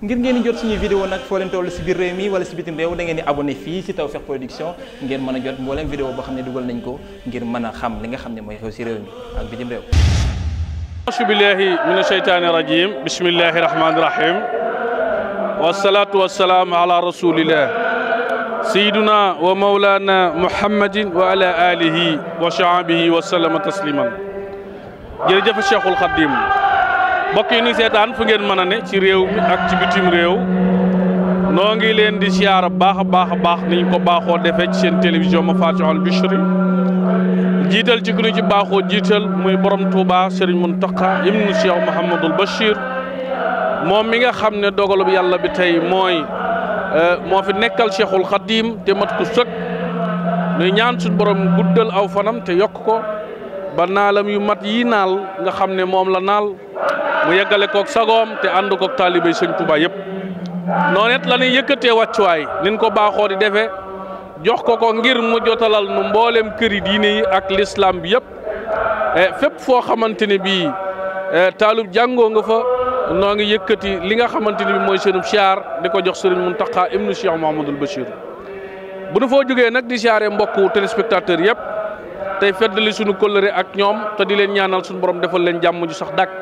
ngir ngeen jot suñuy vidéo nag foo leen toll si biir réew mi wala si bitim réew da ngeen fii si Tawfekh Production ngeen mën a jot mbooleem vidéo boo xam ne dugal nañ ko ngir mën a xam li nga xam ne mooy xew si réew mi ak bitim réew asu billahi mina sheytaani rajim bismillahi rahmaani rahim wasalaatu wasalaam ala rasulillah wa mawlana muhammadin wa ala mbokk yi seetaan fu ngeen mën a ne ci réew mi ak ci bitim réew noo ngi leen di siyaara baax a baax a baax niñ ko baaxoo defee ci seen télévision ma Mafatihul Bichri jiital ci ku ñu ci baaxoo jiital muy borom Touba Serigne Mountakha ibnu Cheikh Mouhamadul Bachir moom mi nga xam ne dogalub yàlla bi tey mooy euh, moo fi nekkal Cheikhul diim te mat ko sëkk nuy ñaan suñ borom guddal aw fanam te yokk ko ba naalam yu mat yi naal nga xam ne moom la naal. mu yeggale kook sagoom te ànd kook taalibey sëñ Tuubaa yëpp noonu la ñuy yëkkatee wàccuwaay nin ko baaxoo di defe jox ko ko ngir mu jotalal nu mboolem këri diine yi ak lislaam bi yëpp eh, fépp foo xamante ne bii eh, taalub jàngoo nga fa noo ngi yëkkati li nga xamante ne bii mooy seenub siyaar di ko jox sëriñ Muntaxa ibnu Cheikh Mouhamadul Bachir bu nu foo jógee nag di siyaare mbokku téléspectateur yëpp tey feddali sunu kóllëre ak ñoom te di leen ñaanal sunu borom defal leen jàmm ju sax dàkk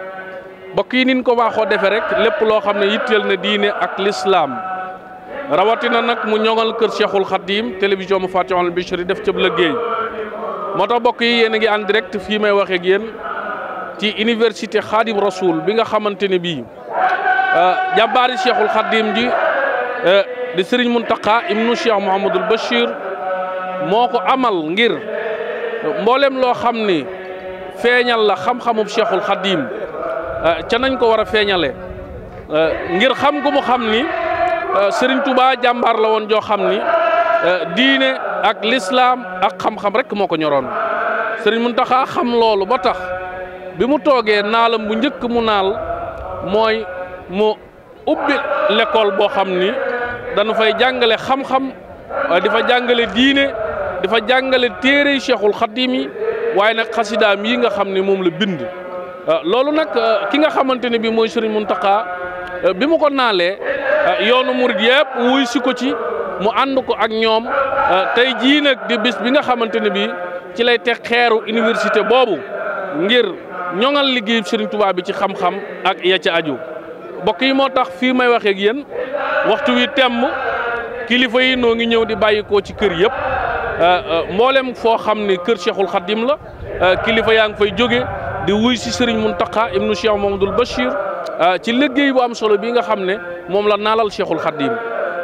mbokk yi nin ko waaxoo defee rek lépp loo xam ne yitteel na diine ak lislaam rawatina nag mu ñoŋal kër Cheikhul Khadim télévision mu Fatihul Bichri def cëb liggéey moo tax bokk yi yéen a ngi en direct fii may waxee ak ci université Khadim Rasoul bi nga xamante ni bii euh, jàmbaari Cheikhul Khadim ji euh, di Serigne Mountakha ibnu Cheikh Mouhamadul Bachir moo ko amal ngir mboolem loo xam ni feeñal la xam-xamub Cheikhul Khadim Euh, ca nañ ko war a feeñalee euh, ngir xam gu mu xam ni euh, Serigne Touba jàmbaar woon joo xam ni diine ak lislaam ak xam-xam rek moo ko ñoroon Serigne Mountakha xam loolu boo tax bi mu toogee naalam bu njëkk mu naal mooy mu ubbi l'école boo xam ni dañu fay jàngale xam-xam di fa jàngale diine di fa jàngale téere yi Cheikhul Xadim yi waaye nag xasidaam yi nga xam ni moom la bind. Euh, loolu nag euh, ki nga xamante ne bii mooy Serigne Mountakha euh, bi mu ko naalee yoonu murid yëpp wuy si ko ci mu ànd ko ak ñoom tey jii nag di bis bi nga xamante ne bii ci lay teg xeeru université boobu ngir ñoŋal liggéeyu Serigne Touba bi ci xam-xam ak ya ca aju mbokk yi moo tax fii may waxeeg ak yéen waxtu wi temb kilifa yi noo ngi ñëw di bàyyikoo ci kër yëpp mboolem foo xam ne kër Cheikhul Khadim la kilifa yaa ngi fay jóge di wuy si Serigne Mountakha ibnu Cheikh Mamadou Bachir ah, ci liggéey bu am solo bii nga xam ne moom la naalal Cheikhul Khadim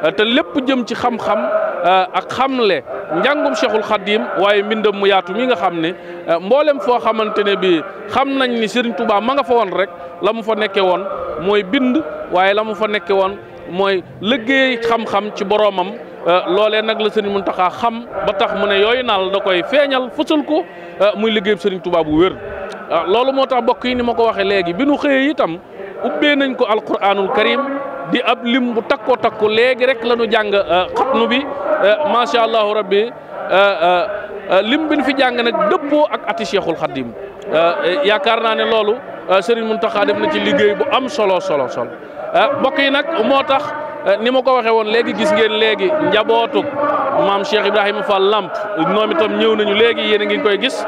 ah, te lépp jëm ci xam-xam ah, ak xamle njàngum Cheikhul Khadim waaye mbindam mu yaatu mi nga xam ne mboolem foo xamante ne bi xam nañ ni Serigne Touba ma nga fa woon rek la mu fa nekke woon mooy bind waaye la mu fa nekke woon mooy liggéey xam-xam ci boroomam loolee nag la Serigne Mountakha xam ba tax mu ne yooyu naal da koy feeñal fësal ko muy liggéeyub Serigne Touba bu wér Ah, loolu moo tax bokk yi ni ma ko waxee léegi bi nu xëyee itam ubbee nañ ko alquranul karim di ab lim bu takkoo takku léegi rek la ñu jàng ah, xatnu bi ah, macha allahu rabbi lim bi ñu fi jàng nag dëppoo ak ati cheikhul xadim yaakaar naa ne loolu tax Mountakha def na ci liggéey bu am solo solo solo bokk yi nag moo tax ni ma ko waxee woon léegi gis ngeen léegi njabootuk maam Cheikh Ibrahima Fall Lamp ñoom itam ñëw nañu léegi yéen a ngi koy gis.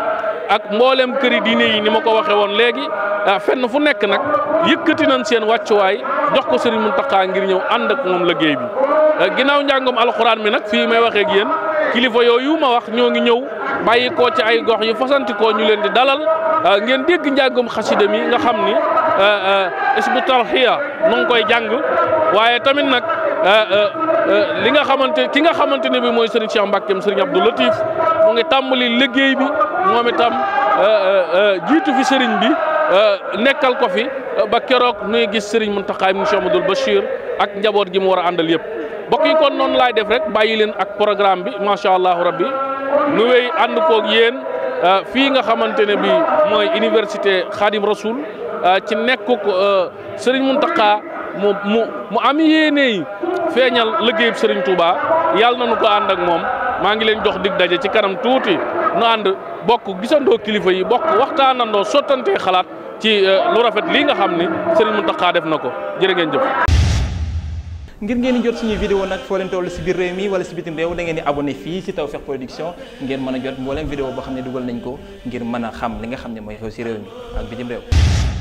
ak mbooleem këri diine yi ni ma ko waxee woon léegi ah, fenn fu nekk nag yëkkati nañ seen wàccuwaay jox ko Serigne Mountakha ngir ñëw ànd ak moom liggéey bi. Ah, ginnaaw njàngum alxuraan mi nag fii may waxee ak yéen kilifa yooyu ma wax ñoo ngi ñëw bàyyi ko ci ay gox yu fasanti ko ñu leen di dalal ah, ngeen dégg njàngum xasida mi nga xam ni isbu tarxiya mu ngi koy jàng waaye tamit nag. li nga xamante ki nga xamante ne bi mooy Serigne Cheikh Mbackeem Serigne Abdou Latif mu liggéey bi moom itam euh, euh, euh, jiitu fi sëriñ bi nekkal ko fi ba keroog nuy gis sëriñ mu ibn Cheikh Ahmadul Bachir ak njaboot gi mu war a àndal yëpp mbokk yi kon noonu laay def rek bàyyi leen ak programme bi macha allahu rabbi nu wéy ànd koog yéen fii nga xamante ne bi mooy université Khadim Rasoul ci nekkuk sëriñ Muntaxa mu mu mu am yéene feeñal liggéeyub sëriñ Touba yàlla na nu ko ànd ak moom. maa ngi leen jox dig daje ci kanam tuuti nu ànd bokk gisandoo kilifa yi bokk waxtaanandoo sottantee xalaat ci euh, lu rafet lii nga xam ni Serigne Mountakha def na ko jërë ngeen jëf. ngir ngeen di jot suñuy vidéo nag foo leen toll si biir réew mi wala si bitim réew dangeen ngeen di abonné fii si taw Tawfekh Production ngeen mën a jot mbooleem vidéo boo xam ne dugal nañ ko ngir mën a xam li nga xam ne mooy xew si réew mi ak bitim réew